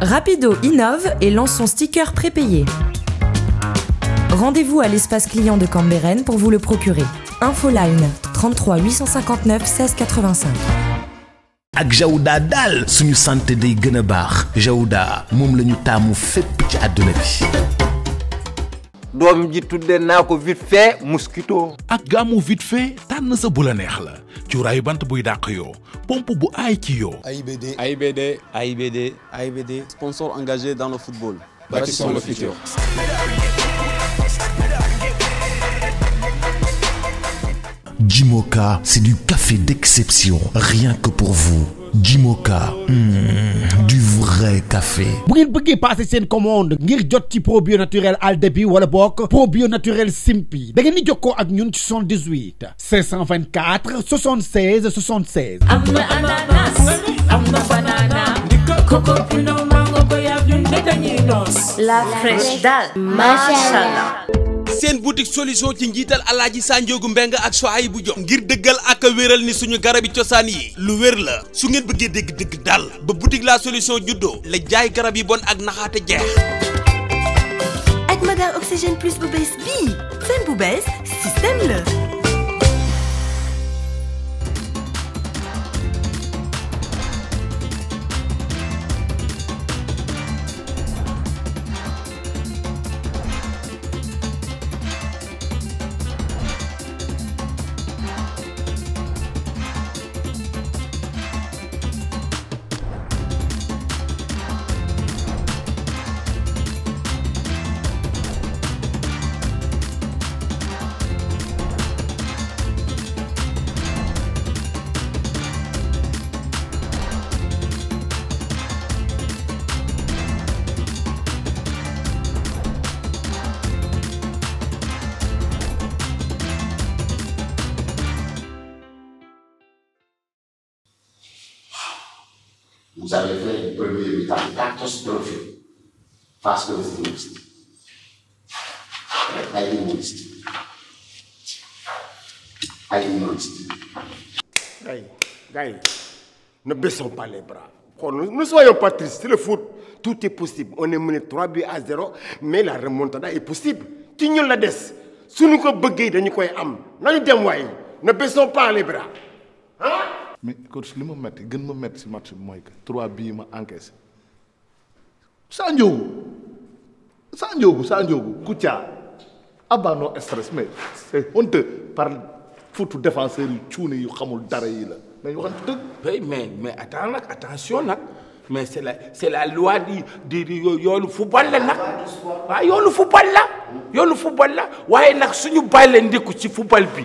Rapido innove et lance son sticker prépayé. Rendez-vous à l'espace client de Cambérène pour vous le procurer. Infoline 33 859 16 85. Jaouda doom ji tudde naa ko vite fait mosquito ak Gamou vite fait tan sa bu la neex la cuuraayu bant buy dàq yoo pompe bu aay ci AIBD AIBD AIBD AIBD sponsor engagé dans le football bâtissons le futur Jimoka, c'est du café d'exception, rien que pour vous. Jimoka hmm. du vrai café bu ngeen passer passé une commande ngir pas ci probio naturel aldebi wala bokk probio naturel simpi da ngeen di jokkoo ak ñun ci 78 524 76 76 la fraîche dalle. seen boutique solution ci njiital alhaji sanjogu mbeng ak soay bu jox ngir deugal ak wéral ni suñu garabi ciosan yi lu wér la su ngeen bëggee dégg dëgg dal ba boutique la solution juddo la jaay garab yi bon ak naxaata jeex ak madame oxygène plus bu bees bi seen bu bees système la Vous avez fait une première état catastrophique parce que vous êtes égoïste. Elle est égoïste. Elle est ne baissons pas les bras. Ne soyons pas tristes, c'est le foot. Tout est possible. On est mené 3 buts à 0, mais la remontada est possible. Tu n'y la dit. Si nous voulons, nous devons am. Ne baissons pas les bras. mais coach li ma metti gën ma metti si match bi mooy que trois bii ma encaissé saa njóogu saa njóogu saa njóogu Kouthia abano stress mais c'est honte par foutu défenseurs yu cuune yu xamul dara yi la nañ waxante dëgg mais mais attends nag attention nag mais c'est la c'est la loi di di di yoonu football la nag waaw yoonu football la yoonu football la waaye nag suñu bàyyi la ndiku ci football bi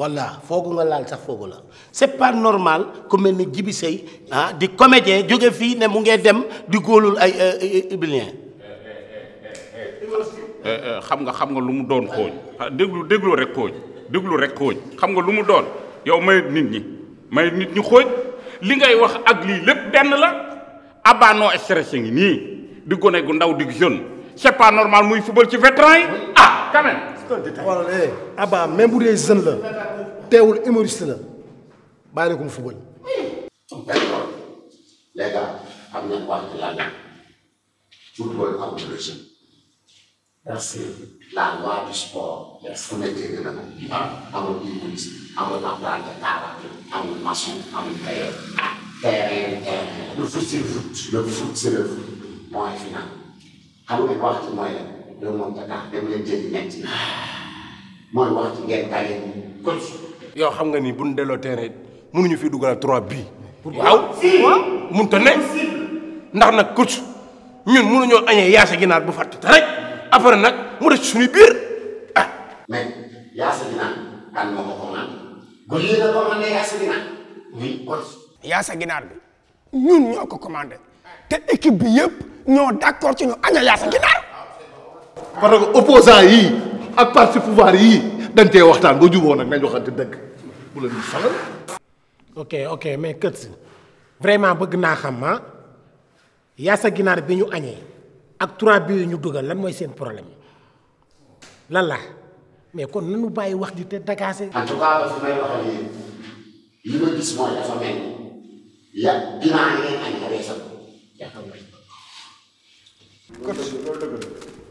voilà foogu nga c'est pas normal comme ni ah, di comédien djogé fi ne mu dem di golul ay euh, euh, euh, ibilien eh, eh, xam nga xam nga lu mu doon ah, rek rek xam nga lu mu yow may nit ñi may nit li ngay stressé gu ndaw jeune c'est pas normal muy football ci vétéran ah xoolal eh Abba ah même bu dee jeune o teewul humoriste la bàyyi na ko mu fubal. d'accord les gars o nañu wax ci laa nekk football amul régime. merci. la loi du sport. merci fu ne dégg na ko. amul humoriste o apprenti taalaat amul maçon amul tailleur. terrain terrain. le foot c'est le foot. le foot c'est le foot. point final. xam nga wax ci loolu moom ba tax dem leen jëli ñett yi mooy wax ci ngeen tàyyee ñu coach. yow xam nga ni bu ñu delloo terrain it mënuñu fi dugal trois bii. waaw mënut a ne. ndax nag coach ñun mënuñoo añee yaasa ginaar bu fàtte rek après nag mu des suñu biir ah. mais yaasa ginaar kan moo ko commandé. ba lii nga commandé yaasa ginaar muy coach. yaasa ginaar bi ñun ñoo ko commandé te équipe bi yëpp ñoo d'accord ci ñu aña yaasa ginaar. parce que opposant yi ak parti pouvoir yi dañ tay waxtaan bo jubo nak nañ waxante deug bu len salal ok ok mais keut vraiment bëgg na xam ma ya sa ginar biñu añé ak 3 bi ñu duggal lan moy seen problème lan la mais kon nañu bayyi wax di te dagasé en tout cas parce que may waxal yi ni ma gis moy dafa mel ya ginar ñi ay xaré sa ya xam nga ko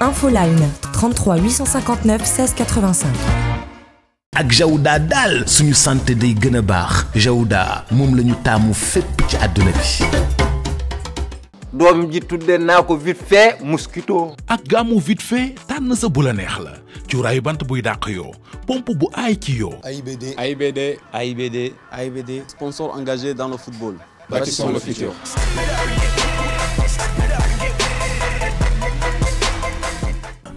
Info line 33 859 16 85. ak Jaouda suñu santé day gëna a baax le moom tamu ñu taamu ci aduna bi. doom ji tuddé na ko vite fait mosquito. ak gaamu vite fait tan sa se la neex la cuuraayu bant buy dàq pompe bu ay ci yo AIBD AIBD AIBD AIBD sponsor engagé dans le football. bâtissons le futur.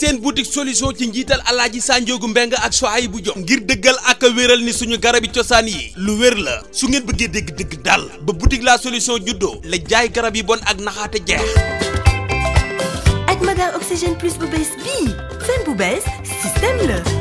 seen boutique solution ci njiital alhaji sanjogu mbeng ak sohay bu jox ngir deugal ak wéral ni suñu garabi ciosan yi lu wér la su ngeen bëggé dégg dëgg dal ba boutique la solution juddo la jaay garab yi bon ak naxata jeex ak madame oxygène plus bu bess bi fen bu bess système la